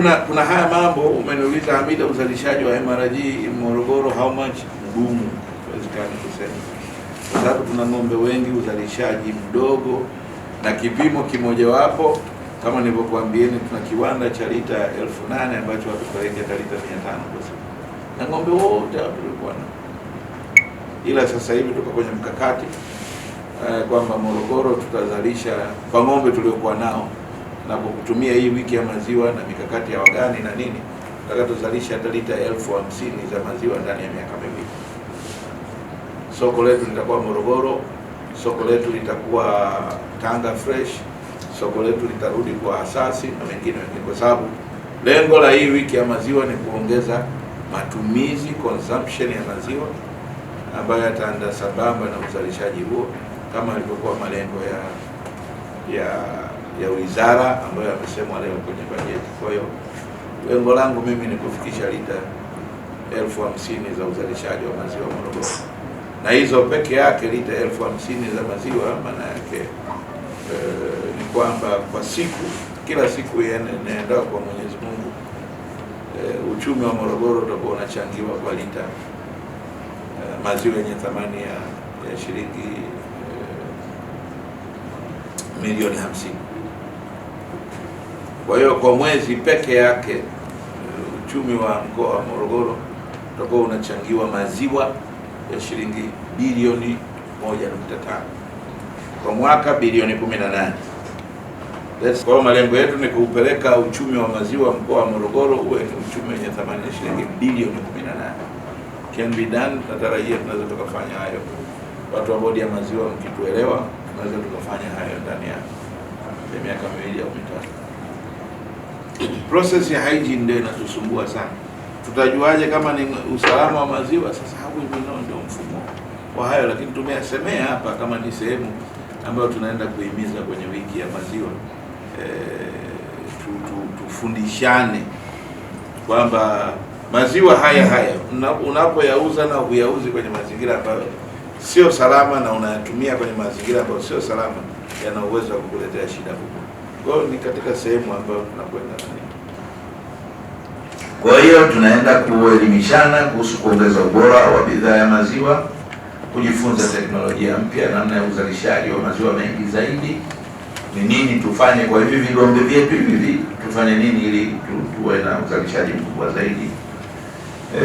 kuna kuna haya mambo umeniuliza Hamida, uzalishaji wa MRG Morogoro how much? ngumu, haiwezekani kusema, kwa sababu tuna ng'ombe wengi, uzalishaji mdogo, na kipimo kimojawapo kama nilivyokuambieni, tuna kiwanda cha lita elfu nane ambacho watu wengi hata lita mia tano kwa siku, na ng'ombe wote tulikuwa na, ila sasa hivi tuko kwenye mkakati uh, kwamba Morogoro tutazalisha kwa ng'ombe tuliokuwa nao na kwa kutumia hii wiki ya maziwa na mikakati ya wagani na nini, tutakatozalisha hata lita elfu hamsini za maziwa ndani ya miaka miwili. Soko letu litakuwa Morogoro, soko letu litakuwa Tanga fresh, soko letu litarudi kwa asasi na mengine mengine, kwa sababu lengo la hii wiki ya maziwa ni kuongeza matumizi consumption ya maziwa ambayo yataenda sambamba na uzalishaji huo kama alivyokuwa malengo ya ya ya wizara ambayo yamesemwa leo kwenye bajeti. Kwa hiyo lengo langu mimi ni kufikisha lita elfu hamsini za uzalishaji wa maziwa Morogoro, na hizo peke yake lita elfu hamsini za maziwa maana yake e, ni kwamba kwa siku kila siku inaenda kwa Mwenyezi Mungu e, uchumi wa Morogoro utakuwa unachangiwa kwa lita e, maziwa yenye thamani ya, ya shilingi e, milioni hamsini. Kwa hiyo kwa mwezi peke yake uchumi wa mkoa wa Morogoro utakuwa unachangiwa maziwa ya shilingi bilioni 1.5, kwa mwaka bilioni 18. Kwa hiyo malengo yetu ni kuupeleka uchumi wa maziwa mkoa wa Morogoro uwe ni uchumi wenye thamani ya shilingi bilioni 18. Can be done, natarajia tunaweza tukafanya hayo. Watu wa bodi ya maziwa mkituelewa, tunaweza tukafanya hayo ndani ya miaka miwili au mitatu process ya hygiene ndio inatusumbua sana. Tutajuaje kama ni usalama wa maziwa? Sasa hapo ndio mfumo kwa hayo, lakini tumeyasemea hapa kama ni sehemu ambayo tunaenda kuhimiza kwenye wiki ya maziwa e, tu, tu, tufundishane kwamba maziwa haya haya unapoyauza na huyauzi kwenye mazingira ambayo sio salama na unayatumia kwenye mazingira ambayo sio salama, yana uwezo wa kukuletea shida kubwa. Kwa hiyo ni katika sehemu ambayo tunakwenda nani. Kwa hiyo tunaenda kuelimishana kuhusu kuongeza ubora wa bidhaa ya maziwa, kujifunza teknolojia mpya, namna ya uzalishaji wa maziwa mengi zaidi. Ni nini tufanye kwa hivi vigombe vyetu hivi, tufanye nini ili tuwe na uzalishaji mkubwa zaidi? E,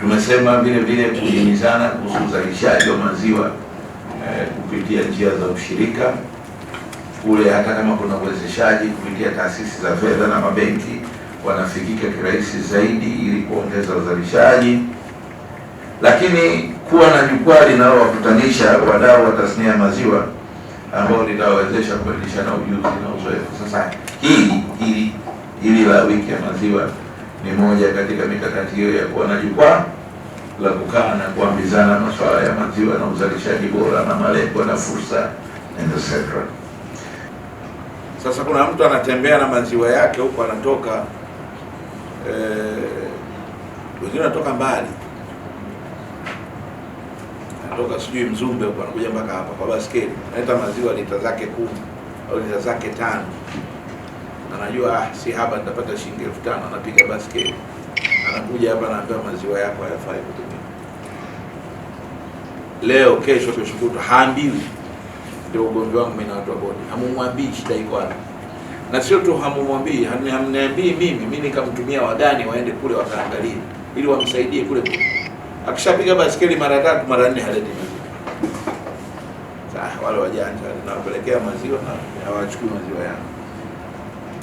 tumesema vile vile kuhimizana kuhusu uzalishaji wa maziwa e, kupitia njia za ushirika kule, hata kama kuna uwezeshaji kupitia taasisi za fedha na mabenki, wanafikika kirahisi zaidi ili kuongeza uzalishaji, lakini kuwa na jukwaa linalowakutanisha wadau wa tasnia ya maziwa ambao litawawezesha kubadilishana ujuzi na uzoefu. Sasa hili hili hili la wiki ya maziwa ni moja katika mikakati hiyo ya kuwa na jukwaa la kukaa na kuambizana masuala ya maziwa na uzalishaji bora na malengo na fursa etc. Sasa kuna mtu anatembea na maziwa yake huko anatoka e, wengine anatoka mbali, anatoka sijui Mzumbe huko anakuja mpaka hapa kwa baskeli, analeta maziwa lita zake kumi au lita zake tano anajua ah, si haba nitapata shilingi elfu tano anapiga baskeli, anakuja hapa anaambiwa maziwa yako hayafai kutumia leo, kesho, kesho kutwa, haambiwi ndio ugonjwa wangu mimi na watu wa bodi. Hamumwambii shida iko wapi, na sio tu hamumwambii, hamniambii mimi, mimi nikamtumia wagani waende kule wakaangalie, ili wamsaidie kule. Akishapiga basikeli mara tatu mara nne haleti maziwa. Sasa wale wajanja nawapelekea maziwa na hawachukui maziwa yangu.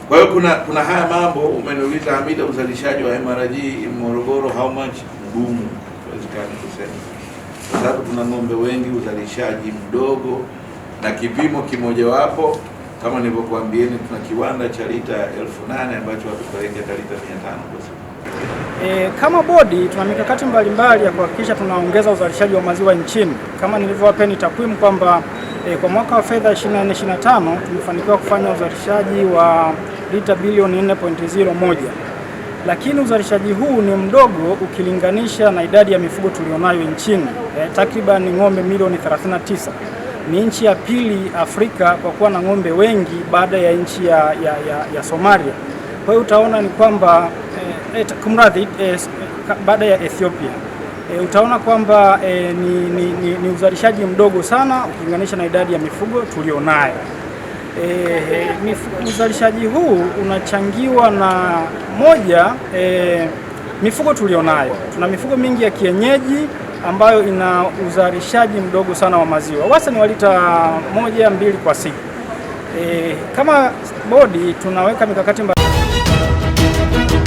Kwa hiyo kuna kuna haya mambo umeniuliza Hamida, uzalishaji wa MRG Morogoro how much? ngumu, haiwezekani kusema kwa sababu tuna ng'ombe wengi, uzalishaji mdogo na kipimo kimojawapo kama nilivyokuambieni, tuna kiwanda cha lita elfu nane ambacho watu hata lita mia tano kwa siku. E, kama bodi tuna mikakati mbalimbali ya kuhakikisha tunaongeza uzalishaji wa maziwa nchini. Kama nilivyowapeni takwimu kwamba e, kwa mwaka wa fedha 24 25 tumefanikiwa kufanya uzalishaji wa lita bilioni 4.01, lakini uzalishaji huu ni mdogo ukilinganisha na idadi ya mifugo tulionayo nchini e, takriban ng'ombe milioni 39 ni nchi ya pili Afrika kwa kuwa na ng'ombe wengi baada ya nchi ya, ya, ya, ya Somalia. Kwa hiyo utaona ni kwamba eh, eh kumradhi eh, baada ya Ethiopia eh, utaona kwamba eh, ni, ni, ni, ni uzalishaji mdogo sana ukilinganisha na idadi ya mifugo tulionayo. Eh, uzalishaji huu unachangiwa na moja, eh, mifugo tulionayo. Tuna mifugo mingi ya kienyeji ambayo ina uzalishaji mdogo sana wa maziwa, wastani wa lita moja mbili kwa siku. E, kama bodi tunaweka mikakati mbalimbali.